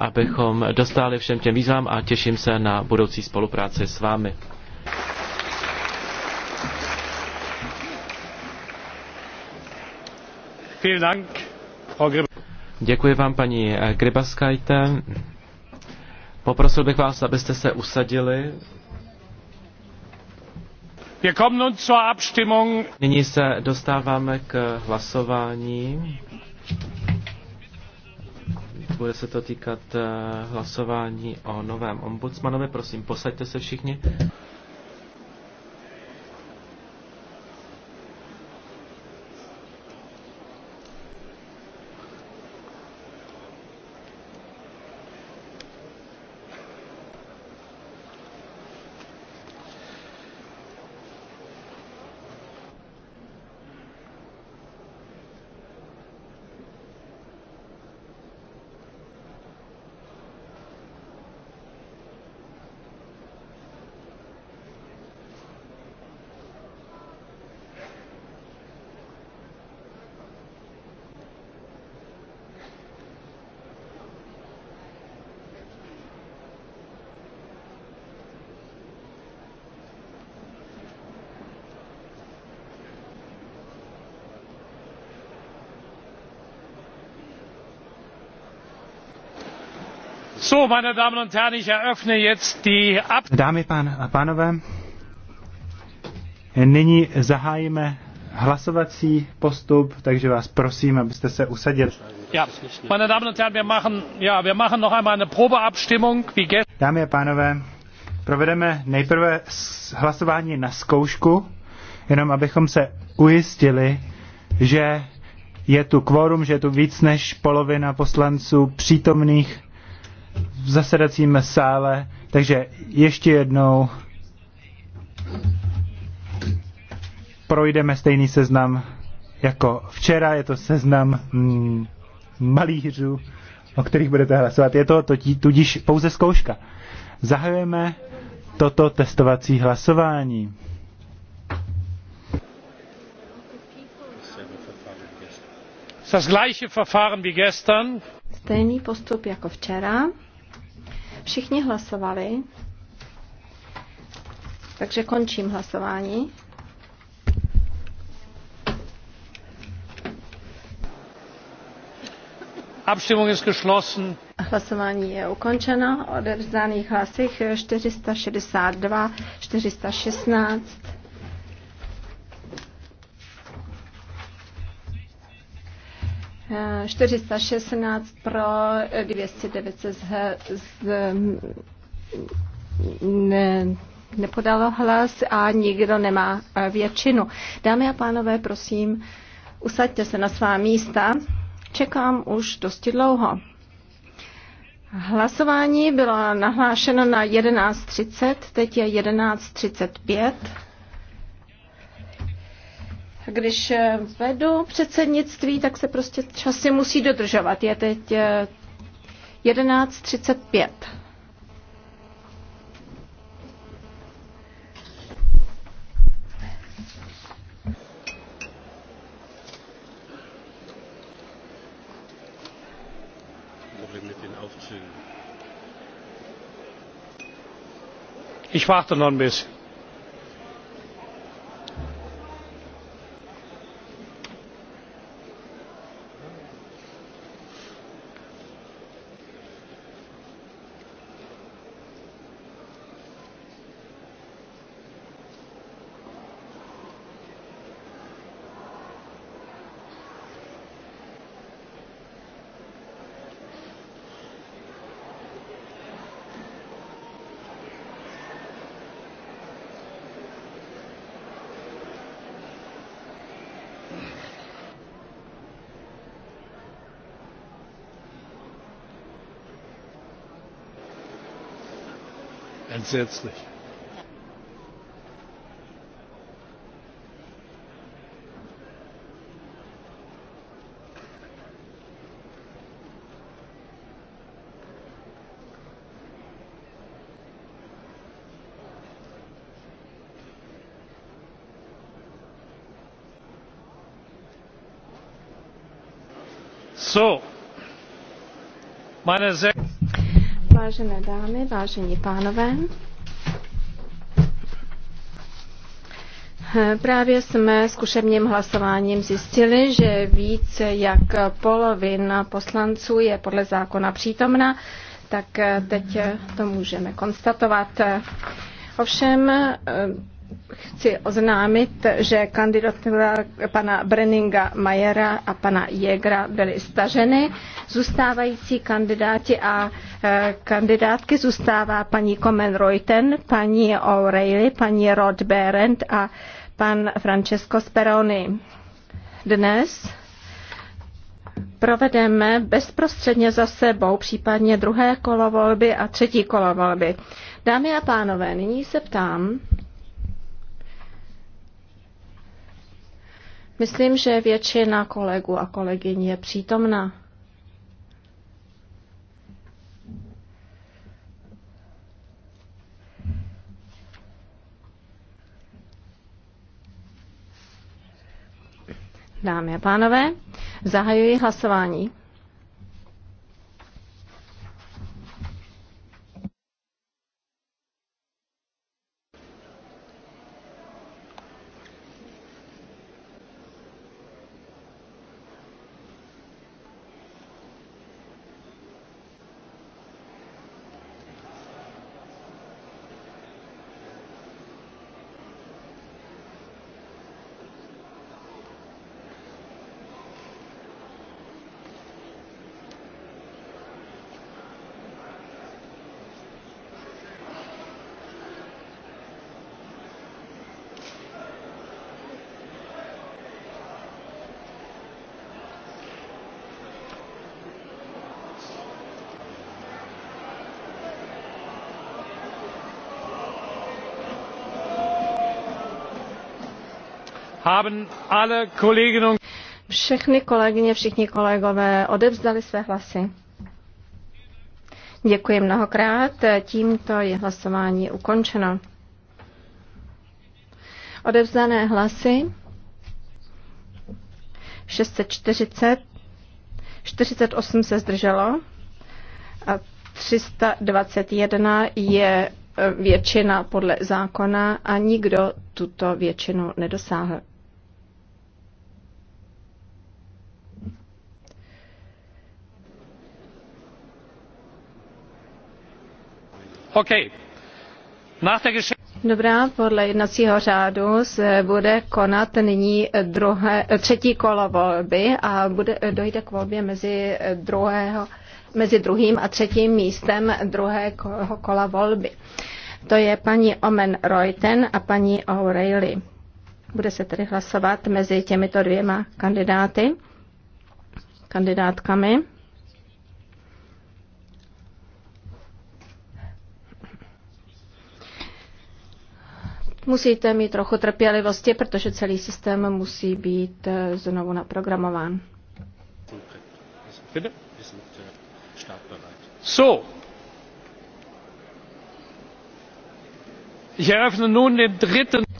abychom dostali všem těm výzvám a těším se na budoucí spolupráci s vámi. Děkuji vám, paní Grybaskajte. Poprosil bych vás, abyste se usadili. Nyní se dostáváme k hlasování. Bude se to týkat eh, hlasování o novém ombudsmanovi. Prosím, posaďte se všichni. Dámy a pánové, nyní zahájíme hlasovací postup, takže vás prosím, abyste se usadili. Ja, meine Damen und Herren, wir machen, ja, wir machen noch einmal eine Probeabstimmung, wie gestern. Dámy a pánové, provedeme nejprve hlasování na zkoušku, jenom abychom se ujistili, že je tu kvórum, že je tu víc než polovina poslanců přítomných v zasedacím sále. Takže ještě jednou projdeme stejný seznam jako včera. Je to seznam mm, malířů, o kterých budete hlasovat. Je to tudíž pouze zkouška. Zahajujeme toto testovací hlasování. Stejný postup jako včera. Všichni hlasovali, takže končím hlasování. Abstimmung ist geschlossen. Hlasování je ukončeno. Odevzdaných hlasech 462, 416. 416 pro, 209 z, z, ne, nepodalo hlas a nikdo nemá eh, většinu. Dámy a pánové, prosím, usaďte se na svá místa. Čekám už dosti dlouho. Hlasování bylo nahlášeno na 11.30, teď je 11.35 když vedu předsednictví, tak se prostě časy musí dodržovat. Je teď 11.35. Eh, ich warte noch ein bisschen. grundsätzlich. So, meine sehr Vážené dámy, vážení pánové, Právě jsme zkušebním hlasováním zjistili, že více jak polovina poslanců je podle zákona přítomna, tak teď to můžeme konstatovat. Ovšem chci oznámit, že kandidatura pana Brenninga Majera a pana Jegra byly staženy. Zůstávající kandidáti a e, kandidátky zůstává paní Komen Reuten, paní O'Reilly, paní Rod Berend a pan Francesco Speroni. Dnes provedeme bezprostředně za sebou, případně druhé kolo volby a třetí kolo volby. Dámy a pánové, nyní se ptám, Myslím, že většina kolegů a kolegyň je přítomna. Dámy a pánové, zahajuji hlasování. všechny kolegyně, všichni kolegové odevzdali své hlasy. Děkuji mnohokrát. Tímto je hlasování ukončeno. Odevzdané hlasy 640, 48 se zdrželo a 321 je e, většina podle zákona a nikdo tuto většinu nedosáhl. Dobrá, podle jednacího řádu se bude konat nyní druhé, třetí kolo volby a bude, dojde k volbě mezi, druhého, mezi druhým a třetím místem druhého kola volby. To je paní Omen Reuten a paní O'Reilly. Bude se tedy hlasovat mezi těmito dvěma kandidáty, kandidátkami. Musíte mít trochu trpělivosti, protože celý systém musí být eh, znovu naprogramován. So.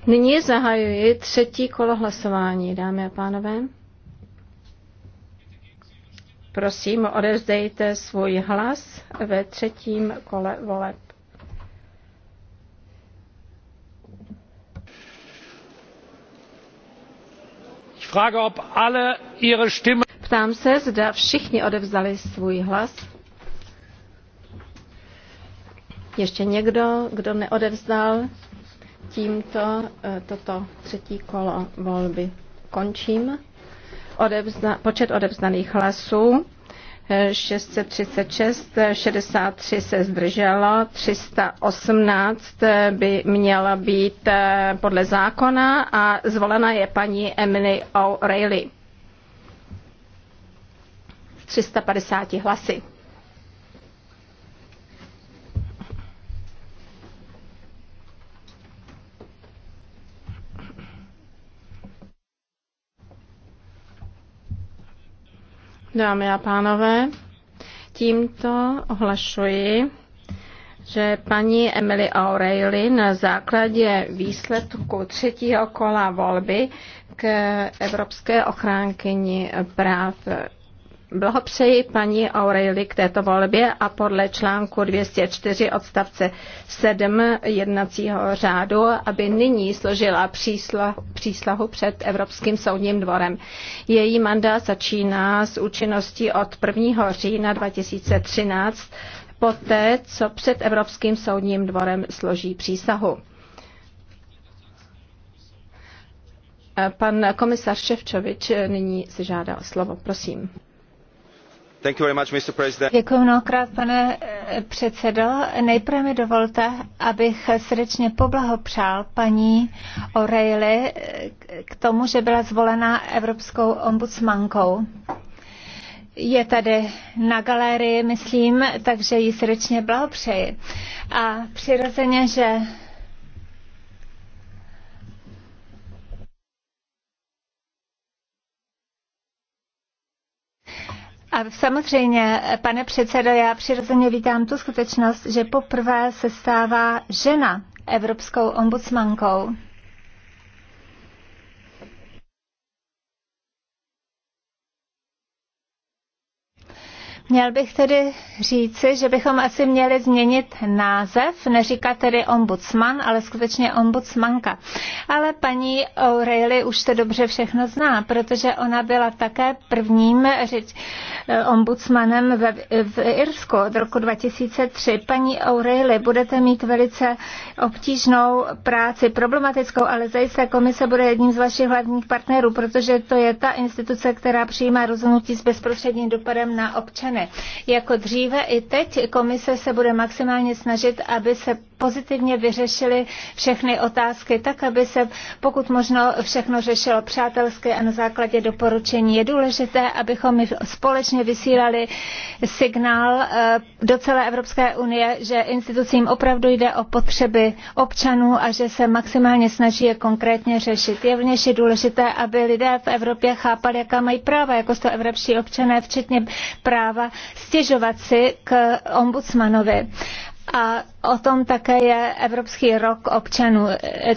Nyní zahajuji třetí kolo hlasování, dámy a pánové. Prosím, odevzdejte svůj hlas ve třetím kole voleb. Ptám se, zda všichni odevzdali svůj hlas. Ještě někdo, kdo neodevzdal tímto eh, toto třetí kolo volby. Končím. Odevzda, počet odevzdaných hlasů 636, 63 se zdrželo, 318 by měla být eh, podle zákona a zvolena je paní Emily O'Reilly. 350 hlasy. Dámy a pánové, tímto ohlašuji, že paní Emily O'Reilly na základě výsledku třetího kola volby k Evropské ochránkyni práv Blahopřeji paní Aureli k této volbě a podle článku 204 odstavce 7 jednacího řádu, aby nyní složila přísla, příslahu před Evropským soudním dvorem. Její mandát začíná s účinností od 1. října 2013, poté co před Evropským soudním dvorem složí přísahu. Pan komisař Ševčovič nyní si žádá o slovo. Prosím. Děkuji mnohokrát, pane eh, předsedo. Nejprve mi dovolte, abych srdečně poblahopřál paní O'Reilly eh, k tomu, že byla zvolena evropskou ombudsmankou. Je tady na galerii, myslím, takže jí srdečně blahopřeji. A přirozeně, že A samozřejmě, pane předsedo, já přirozeně vítám tu skutečnost, že poprvé se stává žena evropskou ombudsmankou. Měl bych tedy říci, že bychom asi měli změnit název, neříkat tedy ombudsman, ale skutečně ombudsmanka. Ale paní O'Reilly už to dobře všechno zná, protože ona byla také prvním řeč, eh, ombudsmanem ve, v Irsku od roku 2003. Paní O'Reilly, budete mít velice obtížnou práci, problematickou, ale zajisté komise bude jedním z vašich hlavních partnerů, protože to je ta instituce, která přijímá rozhodnutí s bezprostředním dopadem na občany jako dříve i teď komise se bude maximálně snažit, aby se pozitivně vyřešili všechny otázky tak, aby se pokud možno všechno řešilo přátelsky a na základě doporučení. Je důležité, abychom společně vysílali signál eh, do celé Evropské unie, že institucím opravdu jde o potřeby občanů a že se maximálně snaží je konkrétně řešit. Je vněž důležité, aby lidé v Evropě chápali, jaká mají práva, jako jsou evropští občané, včetně práva stěžovat si k ombudsmanovi. A o tom také je Evropský rok občanů.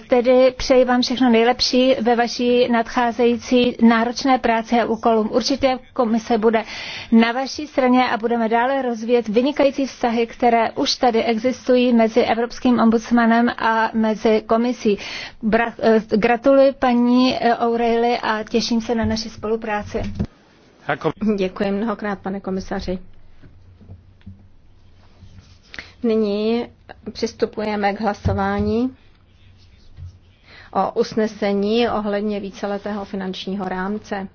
Tedy přeji vám všechno nejlepší ve vaší nadcházející náročné práci a úkolům. Určitě komise bude na vaší straně a budeme dále rozvíjet vynikající vztahy, které už tady existují mezi Evropským ombudsmanem a mezi komisí. Eh, gratuluji paní eh, O'Reilly a těším se na naši spolupráci. Děkuji mnohokrát, pane komisaři. Nyní přistupujeme k hlasování o usnesení ohledně víceletého finančního rámce.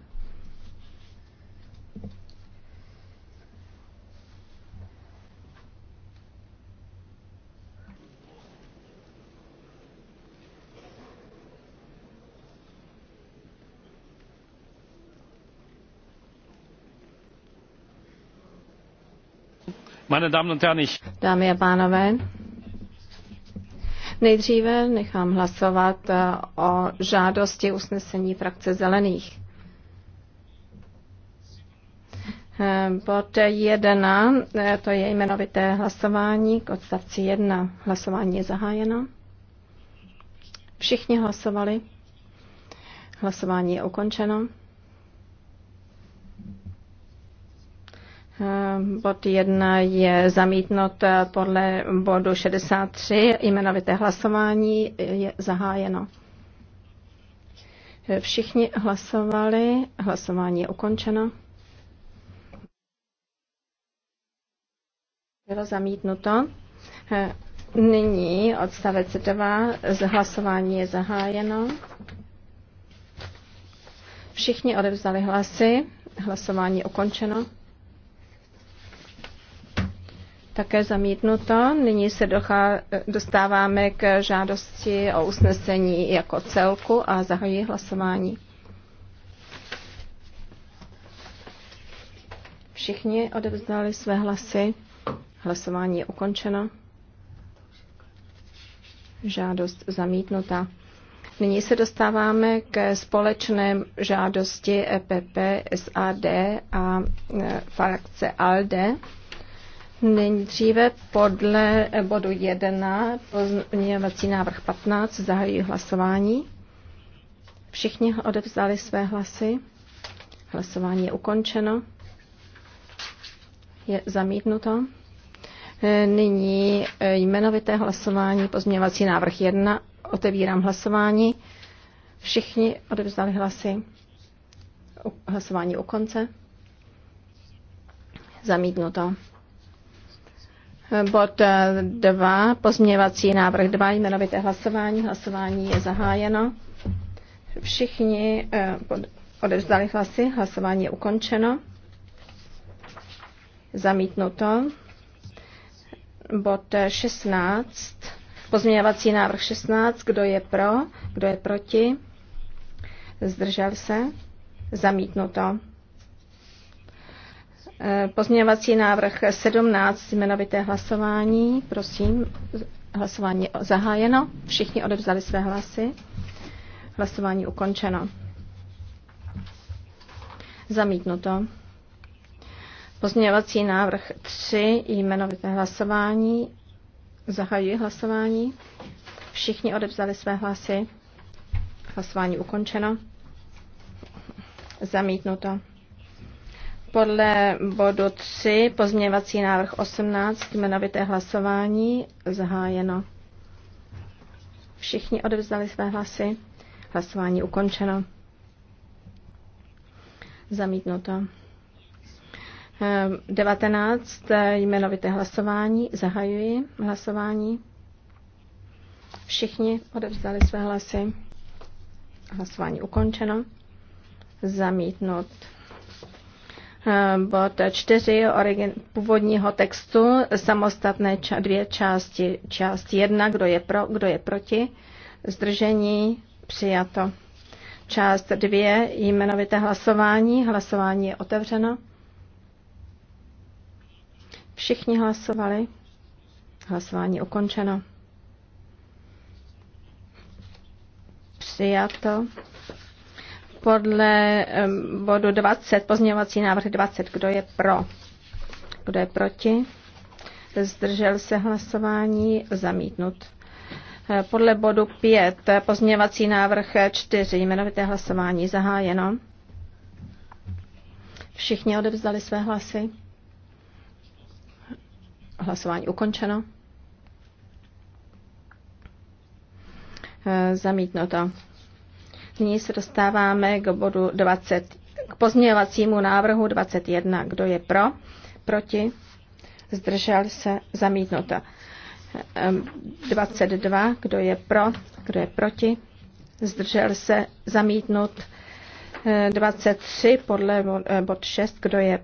Dámy a pánové, nejdříve nechám hlasovat eh, o žádosti usnesení frakce zelených. Eh, bod 1, eh, to je jmenovité hlasování k odstavci 1. Hlasování je zahájeno. Všichni hlasovali. Hlasování je ukončeno. Eh, bod 1 je zamítnut eh, podle bodu 63. Jmenovité hlasování eh, je zahájeno. Všichni hlasovali, hlasování je ukončeno. Bylo zamítnuto. Nyní odstavec 2. Hlasování je zahájeno. Všichni odevzali hlasy. Hlasování je ukončeno také zamítnuto. Nyní se dochá, dostáváme k žádosti o usnesení jako celku a zahají hlasování. Všichni odevzdali své hlasy. Hlasování je ukončeno. Žádost zamítnuta. Nyní se dostáváme k společné žádosti EPP, SAD a e, frakce ALDE. Nejdříve podle bodu 1, pozměňovací návrh 15, zahají hlasování. Všichni odevzdali své hlasy. Hlasování je ukončeno. Je zamítnuto. E, nyní e, jmenovité hlasování, pozměňovací návrh 1. Otevírám hlasování. Všichni odevzdali hlasy. Hlasování u konce. Zamítnuto. Bod 2, eh, pozměvací návrh 2, jmenovité hlasování. Hlasování je zahájeno. Všichni eh, odevzdali hlasy, hlasování je ukončeno. Zamítnuto. Bod 16, eh, pozměňovací návrh 16, kdo je pro, kdo je proti, zdržel se, zamítnuto. Eh, pozměňovací návrh 17, jmenovité hlasování. Prosím, hlasování zahájeno. Všichni odevzali své hlasy. Hlasování ukončeno. Zamítnuto. Pozměňovací návrh 3, jmenovité hlasování. Zahajuji hlasování. Všichni odevzali své hlasy. Hlasování ukončeno. Zamítnuto. Podle bodu 3, pozměňovací návrh 18, jmenovité hlasování, zahájeno. Všichni odevzdali své hlasy. Hlasování ukončeno. Zamítnuto. 19. Eh, jmenovité hlasování. Zahajuji hlasování. Všichni odevzdali své hlasy. Hlasování ukončeno. Zamítnut. Ehm, bod 4 origin, původního textu, samostatné ča, dvě části. Část 1, kdo je pro, kdo je proti, zdržení, přijato. Část 2, jmenovité hlasování, hlasování je otevřeno. Všichni hlasovali, hlasování ukončeno. Přijato podle bodu 20, pozměňovací návrh 20. Kdo je pro? Kdo je proti? Zdržel se hlasování? Zamítnut. Eh, podle bodu 5, pozměňovací návrh 4, jmenovité hlasování zahájeno. Všichni odevzdali své hlasy. Hlasování ukončeno. Eh, zamítnuto. Nyní se dostáváme k bodu 20, k pozměňovacímu návrhu 21. Kdo je pro? Proti? Zdržel se? Zamítnuto. 22. Ehm, kdo je pro? Kdo je proti? Zdržel se? Zamítnut. 23 ehm, podle eh, bod 6, kdo je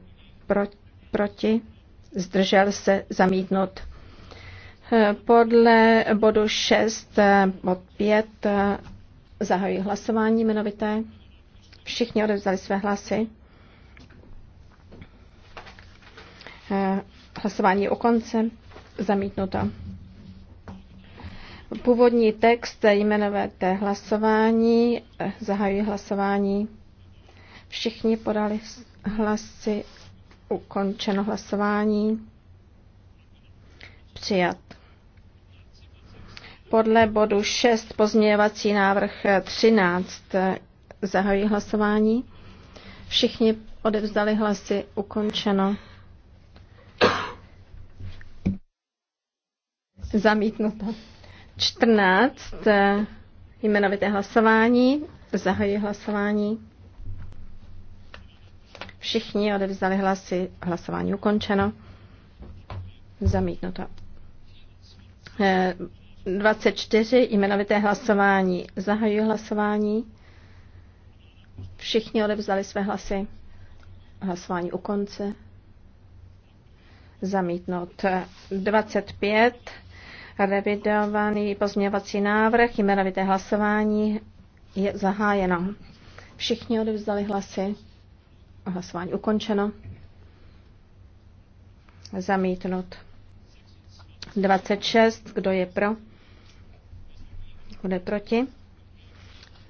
pro, proti, zdržel se Zamítnut. Ehm, podle bodu 6, eh, bod 5, Zahajuji hlasování jmenovité. Všichni odevzali své hlasy. Eh, hlasování je u konce. Zamítnuto. Původní text jmenovité hlasování. Eh, zahajuji hlasování. Všichni podali hlasy. Ukončeno hlasování. Přijat. Podle bodu 6 pozměňovací návrh 13 zahají hlasování. Všichni odevzdali hlasy, ukončeno. Zamítnuto. 14 jmenovité hlasování, zahají hlasování. Všichni odevzdali hlasy, hlasování ukončeno. Zamítnuto. Eh, 24 jmenovité hlasování. Zahajuji hlasování. Všichni odevzdali své hlasy. Hlasování u konce. Zamítnout 25. Revidovaný pozměňovací návrh, jmenovité hlasování je zahájeno. Všichni odevzdali hlasy. Hlasování ukončeno. Zamítnut. 26. Kdo je pro? Kdo je proti?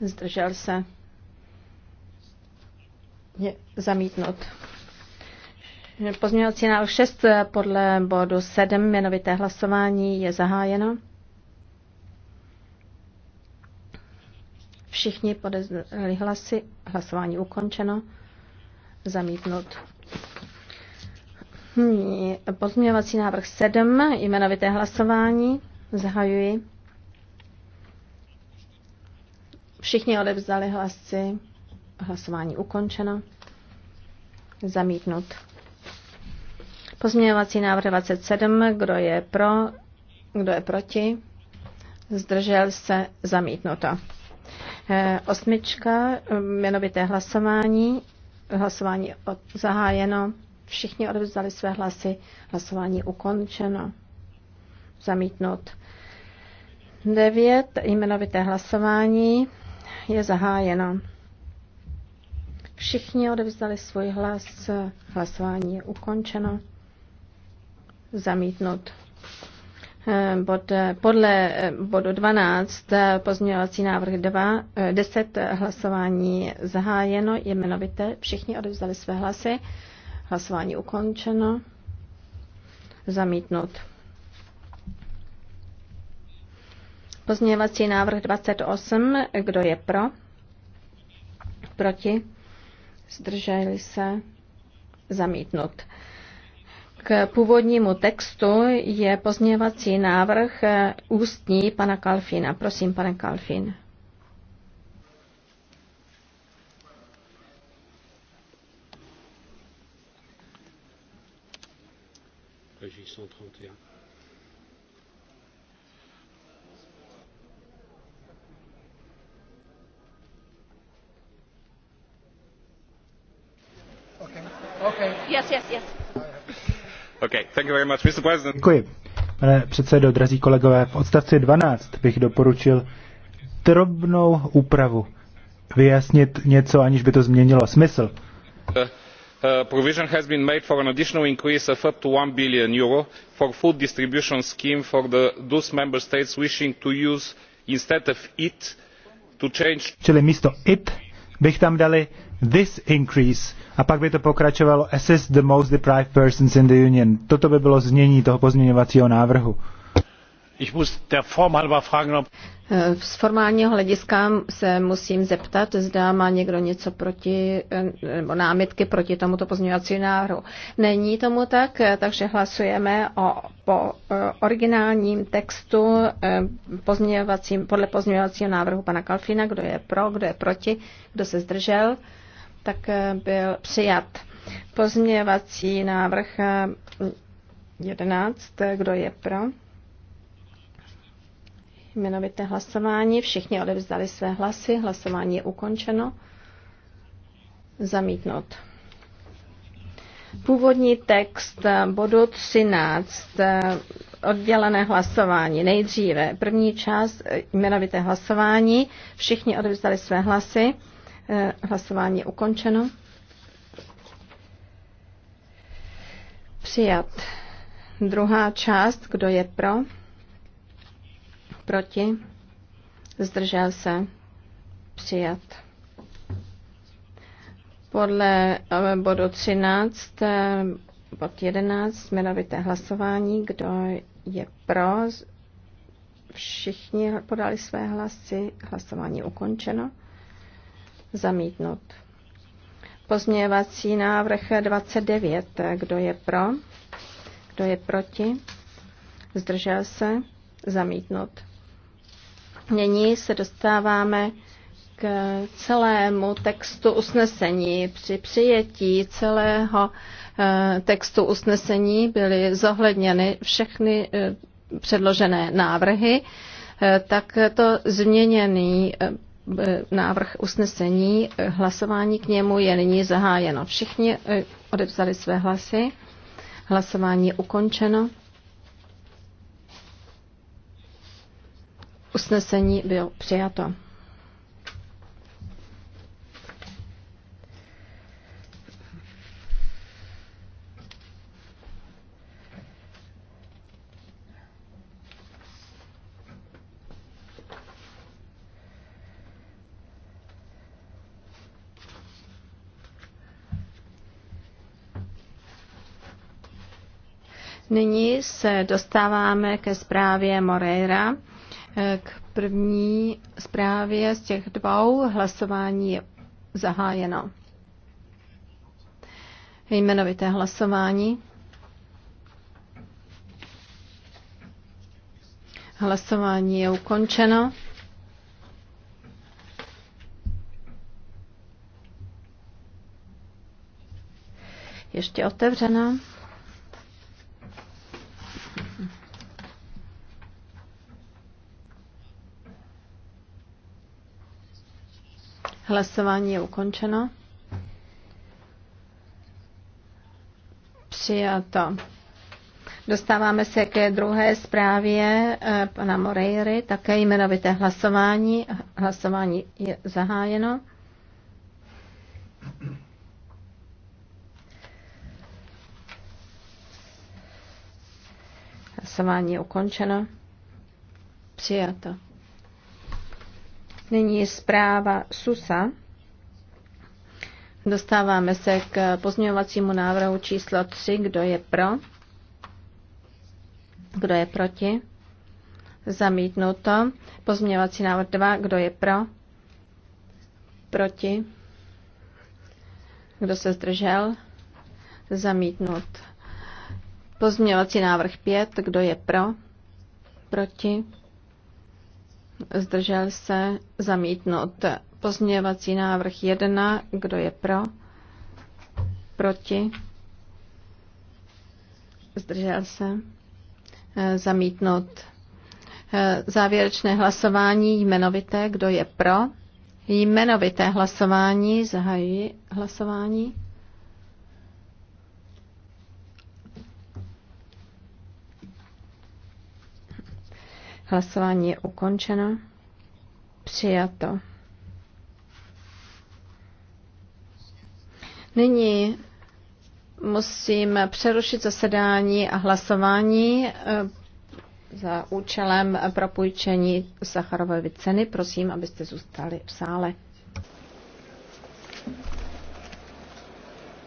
Zdržel se. Je zamítnut. Pozměňovací návrh 6 podle bodu 7 jmenovité hlasování je zahájeno. Všichni podezřeli hlasy. Hlasování ukončeno. Zamítnut. Pozměňovací návrh 7 jmenovité hlasování. Zahajuji. Všichni odevzdali hlasy. Hlasování ukončeno. Zamítnut. Pozměňovací návrh 27. Kdo je pro? Kdo je proti? Zdržel se? Zamítnuto. Eh, osmička, jmenovité hlasování. Hlasování od, zahájeno. Všichni odevzdali své hlasy. Hlasování ukončeno. Zamítnut. 9. Jmenovité hlasování je zahájeno. Všichni odevzdali svůj hlas. Hlasování je ukončeno. Zamítnut. Eh, bod, eh, podle eh, bodu 12 pozměňovací návrh 2, 10 hlasování zahájeno, jmenovité. Všichni odevzdali své hlasy. Hlasování ukončeno. Zamítnut. Pozměňovací návrh 28. Kdo je pro? Proti? Zdrželi se? Zamítnut. K původnímu textu je pozměňovací návrh ústní pana Kalfina. Prosím, pane Kalfin. Régie 131. Děkuji. Pane předsedo, drazí kolegové, v odstavci 12 bych doporučil drobnou úpravu. Vyjasnit něco, aniž by to změnilo smysl. Čili místo IT bych tam dali This increase, a pak by to pokračovalo, assist the most deprived persons in the union. Toto by bylo znění toho pozměňovacího návrhu. Eh, z formálního hlediska se musím zeptat, zda má někdo něco proti, eh, nebo námitky proti tomuto pozměňovacímu návrhu. Není tomu tak, eh, takže hlasujeme o, po originálním textu pozměňovacím, podle pozměňovacího návrhu pana Kalfina, kdo je pro, kdo je proti, kdo se zdržel. Tak eh, byl přijat. Pozměvací návrh 11. Eh, Kdo je pro? Jmenovité hlasování. Všichni odevzdali své hlasy. Hlasování je ukončeno. Zamítnout. Původní text eh, bodu 13. Oddělené hlasování. Nejdříve první část jmenovité hlasování. Všichni odevzdali své hlasy. Eh, hlasování je ukončeno. Přijat. Druhá část, kdo je pro? Proti? Zdržel se? Přijat. Podle eh, bodu 13, eh, bod 11, jmenovité hlasování, kdo je pro? Všichni podali své hlasy, hlasování ukončeno. Zamítnut. Pozměňovací návrh 29. Kdo je pro? Kdo je proti? Zdržel se? Zamítnut. Nyní se dostáváme k celému textu usnesení. Při přijetí celého eh, textu usnesení byly zohledněny všechny eh, předložené návrhy. Eh, tak to změněný E, návrh usnesení. E, hlasování k němu je nyní zahájeno. Všichni e, odepsali své hlasy. Hlasování je ukončeno. Usnesení bylo přijato. Nyní se dostáváme ke zprávě Moreira. K první zprávě z těch dvou hlasování je zahájeno. Jmenovité hlasování. Hlasování je ukončeno. Ještě otevřeno. Hlasování je ukončeno. Přijato. Dostáváme se ke druhé zprávě eh, pana Moreiry, také jmenovité hlasování. Hlasování je zahájeno. Hlasování je ukončeno. Přijato. Nyní zpráva SUSA. Dostáváme se k pozměňovacímu návrhu číslo 3. Kdo je pro? Kdo je proti? Zamítnuto. Pozměňovací návrh 2. Kdo je pro? Proti? Kdo se zdržel? Zamítnut. Pozměňovací návrh 5. Kdo je pro? Proti? zdržel se, zamítnut. Pozměňovací návrh 1, kdo je pro, proti, zdržel se, eh, zamítnut. Eh, závěrečné hlasování jmenovité, kdo je pro, jmenovité hlasování, zahajuji hlasování. Hlasování je ukončeno. Přijato. Nyní musím přerušit zasedání a hlasování eh, za účelem propůjčení Sacharovovy ceny. Prosím, abyste zůstali v sále.